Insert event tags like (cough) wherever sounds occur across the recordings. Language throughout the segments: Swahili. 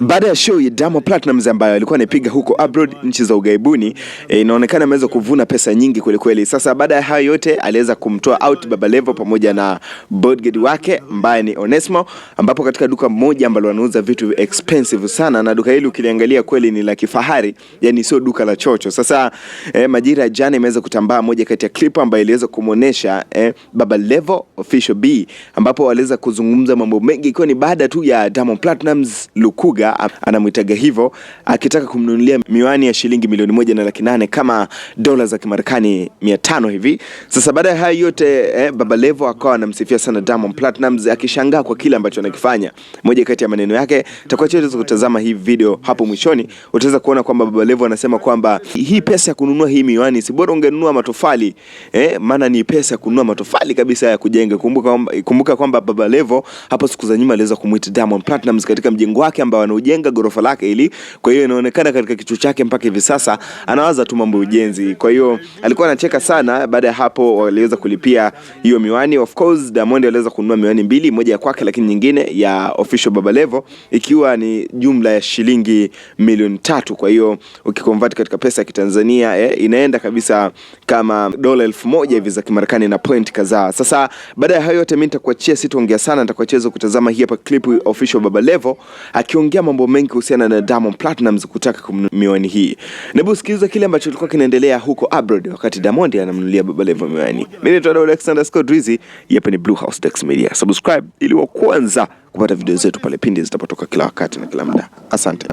Baada ya show ya Diamond Platnumz ambayo alikuwa anapiga huko abroad nchi za ugaibuni, e, eh, inaonekana ameweza kuvuna pesa nyingi kweli kweli. Sasa baada ya hayo yote aliweza kumtoa out Baba Levo pamoja na bodyguard wake ambaye ni Onesmo, ambapo katika duka moja ambalo wanauza vitu expensive sana, na duka hili ukiliangalia kweli ni la kifahari, yani sio duka la chocho. Sasa e, majira ya jana imeweza kutambaa moja kati ya clip ambayo iliweza kumuonesha e, Baba Levo official B, ambapo aliweza kuzungumza mambo mengi ikiwa ni baada tu ya Diamond Platnumz look Kuga anamwitaga hivyo akitaka kumnunulia miwani ya shilingi milioni moja na laki nane kama dola za Kimarekani mia tano hivi. Sasa baada ya hayo yote eh, Baba Levo akawa anamsifia sana Diamond Platnumz akishangaa kwa kile ambacho anakifanya. Moja kati ya maneno yake takuwa chochote kutazama hii video hapo mwishoni, utaweza kuona kwamba Baba Levo anasema kwamba hii pesa ya kununua hii miwani si bora ungenunua matofali eh, maana ni pesa ya kununua matofali kabisa ya kujenga. Kumbuka kwamba kumbuka kwamba Baba Levo hapo siku za nyuma aliweza kumuita Diamond Platnumz katika mjengo wake ambao kwamba wanaujenga ghorofa lake ili, kwa hiyo inaonekana katika kichwa chake mpaka hivi sasa anawaza tu mambo ya ujenzi. Kwa hiyo alikuwa anacheka sana. Baada ya hapo waliweza kulipia hiyo miwani. Of course Diamond aliweza kununua miwani mbili, moja ya kwake lakini nyingine ya official Baba Levo, ikiwa ni jumla ya shilingi milioni tatu. Kwa hiyo ukikonvert katika pesa ya Kitanzania eh, inaenda kabisa kama dola elfu moja hivi za Kimarekani na point kadhaa. Sasa baada ya hayo yote mimi nitakuachia, sitaongea sana, nitakuachia kutazama hii hapa clip official Baba Levo akiwa ameongea mambo mengi kuhusiana na Diamond Platnumz kutaka kumnunuliani hii. Nebu sikiliza kile ambacho kilikuwa kinaendelea huko abroad wakati Diamond anamnunulia Babalevo miwani. Mimi ni Todd Alexander Scott Rizzi, yapa ni Blue House Dax Media. Subscribe ili wa kwanza kupata video zetu pale pindi zitapotoka kila wakati na kila muda. Asante.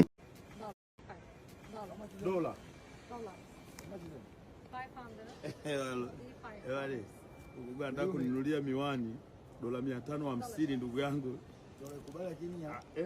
Dola. Nataka kuninunulia miwani dola mia tano hamsini ndugu yangu. ya?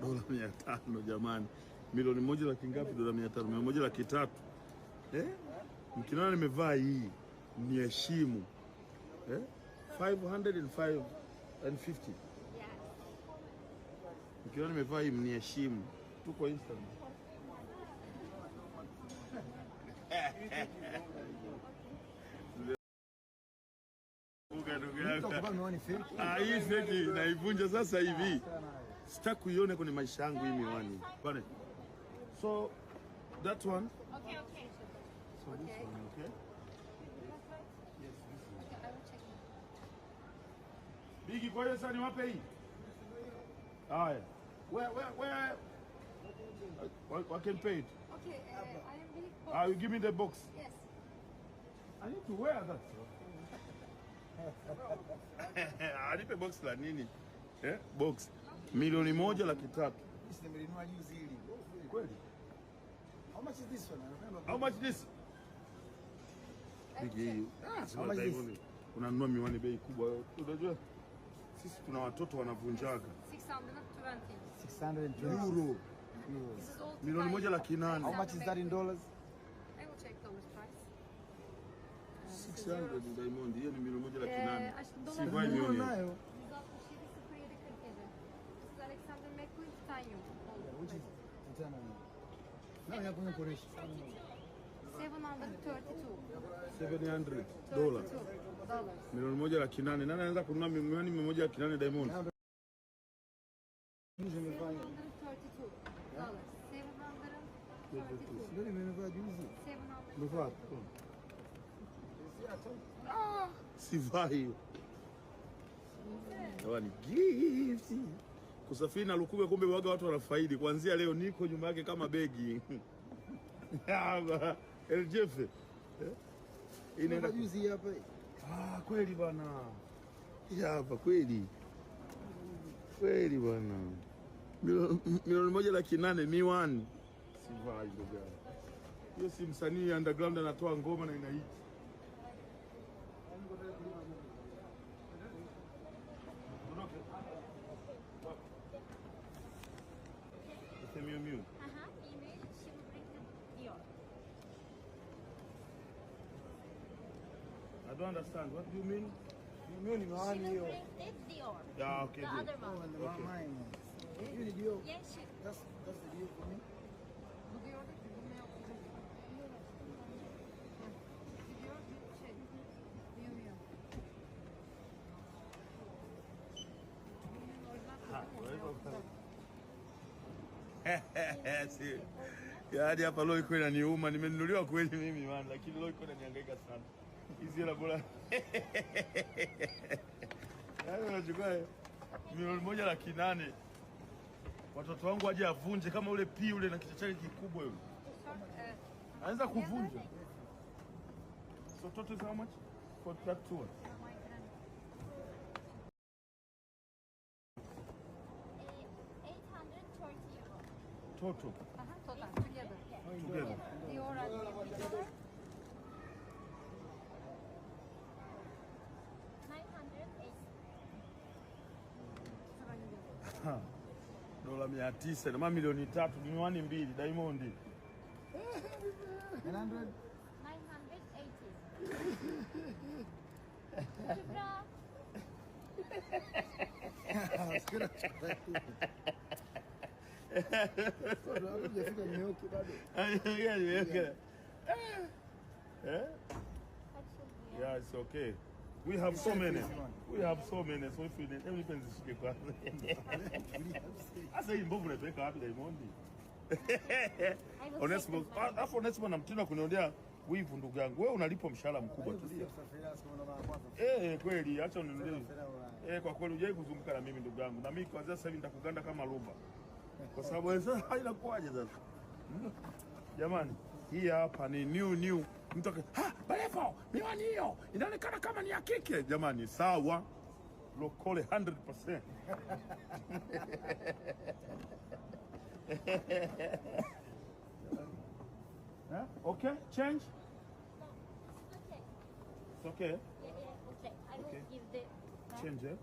dola mia tano jamani, milioni moja laki ngapi? Dola mia tano milioni moja laki tatu eh? Mkinana nimevaa hii ni heshimu eh? 550 Mkinana nimevaa hii mniheshimu, tuko Instagram ah, hii feki naivunja sasa hivi sitaki kuione kwenye maisha yangu hii miwani. So that one. Okay, okay. So okay. this one, okay? Yes, this one. Okay, I will check. Bigi, kwa hiyo sasa niwape hii. Haya. Where where where I can pay it. Okay, uh, I am big box. Ah, you give me the box. Yes. I need to wear that. Anipe (laughs) (laughs) ah, box la nini? Eh? Box milioni moja laki tatu. Ah, Unanunua miwani bei kubwa. Unajua sisi tuna watoto wanavunjaga euro milioni moja laki nane. How much is that in dollars? Diamond, hiyo ni milioni moja laki eh, nane. Sivai miwani. you. Yeah, which is Italian. Now you are going Korean. milioni moja laki nane. Nani anaweza kununua milioni moja laki nane Diamond? Sivaa hiyo. Ni gift kusafiri na Lukube, kumbe waga watu wanafaidi. Kuanzia leo niko nyuma yake kama begi (laughs) Jefe eh? Inaenda juzi hapa. Ah, kweli bwana, hapa kweli kweli bwana, milioni moja laki nane miwani sivai ndugu yangu, hiyo si msanii underground anatoa ngoma na inaiti don't understand. What do you mean? You mean you She year? replaced Dior. Yeah, okay. The good. other Oh, one. and Okay. mine. You need you. Yes, she. That's that's the deal for me. Ha, wewe mfano. Si. Ya hadi nimenunuliwa kweli mimi bwana, lakini leo iko inanihangaika sana hizi hela bora yaani unachukua milioni moja laki nane watoto wangu waje avunje kama ule pii ule na kichachari kikubwa yule anaweza kuvunja so total is how much for that tour Total. Uh-huh, total. Together. Together. dola mia tisa na milioni tatu miwani mbili Diamond (laughs) (laughs) eh? eh? Yeah, it's okay. We have so many. We have so many. So if we need everything zishike kwanza. (laughs) Sasa hii mbovu naipeleka wapi Diamond? (laughs) Onesmo, afu Onesmo namtenda kuniondea wivu ndugu yangu. Wewe unalipo mshahara mkubwa tu. Eh, eh, kweli acha uniondee. Eh, kwa kweli hujai kuzunguka na mimi ndugu yangu. Na mimi kwanza sasa hivi nitakuganda kama lumba Kwa sababu (laughs) sasa hainakuaje sasa? Hmm? Jamani, hii hapa ni new new mtoke Barevo, miwani hiyo inaonekana kama ni ya kike. Jamani, sawa lokole 100% (laughs) eh, Okay, change. It's okay. Yeah, yeah, okay. I will okay. give the huh? change. Eh?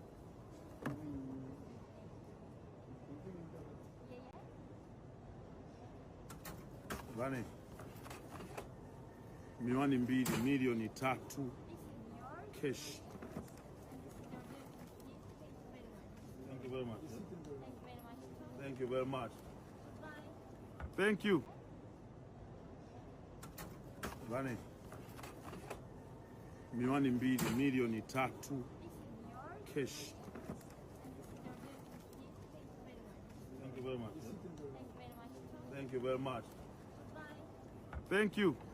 Vanish miwani mbili milioni tatu cash. Thank you very much. Thank you very much. Thank you. Bane, miwani mbili milioni tatu cash. Thank you very much. Thank you very much. Thank you.